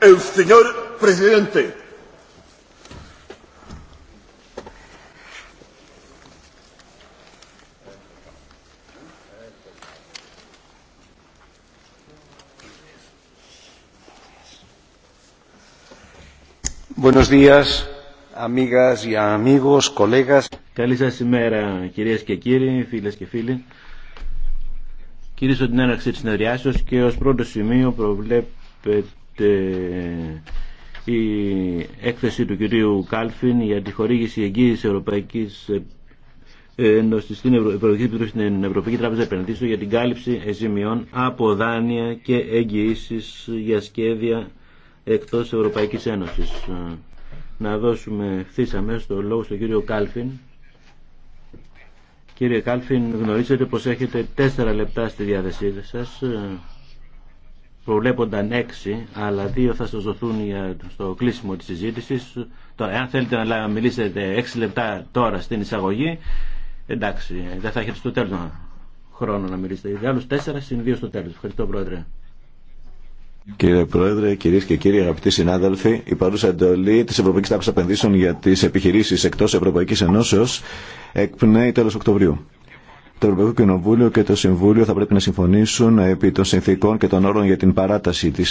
El Καλή σας ημέρα κυρίες και κύριοι, φίλες και φίλοι. Κυρίσω την έναρξη της συνεδριάσεως και ως πρώτο σημείο προβλέπεται η έκθεση του κυρίου Κάλφιν για τη χορήγηση εγγύηση Ευρωπαϊκής Ένωση στην Ευρωπαϊκή Επιτροπή στην Ευρωπαϊκή Τράπεζα Επενδύσεων για την κάλυψη ζημιών από δάνεια και εγγυήσει για σχέδια εκτός Ευρωπαϊκής Ένωσης. Να δώσουμε ευθύ αμέσω το λόγο στον κύριο Κάλφιν. Κύριε Κάλφιν, γνωρίζετε πως έχετε τέσσερα λεπτά στη διάθεσή σας προβλέπονταν έξι, αλλά δύο θα σας δοθούν για, στο κλείσιμο της συζήτησης. Τώρα, εάν θέλετε να μιλήσετε έξι λεπτά τώρα στην εισαγωγή, εντάξει, δεν θα έχετε στο τέλος χρόνο να μιλήσετε. Για άλλους τέσσερα συν δύο στο τέλος. Ευχαριστώ, Πρόεδρε. Κύριε Πρόεδρε, κυρίε και κύριοι αγαπητοί συνάδελφοι, η παρούσα εντολή τη Ευρωπαϊκή Τάξη Απενδύσεων για τι επιχειρήσει εκτό Ευρωπαϊκή Ενώσεω εκπνέει τέλο Οκτωβρίου. Το Ευρωπαϊκό Κοινοβούλιο και το Συμβούλιο θα πρέπει να συμφωνήσουν επί των συνθήκων και των όρων για την παράταση τη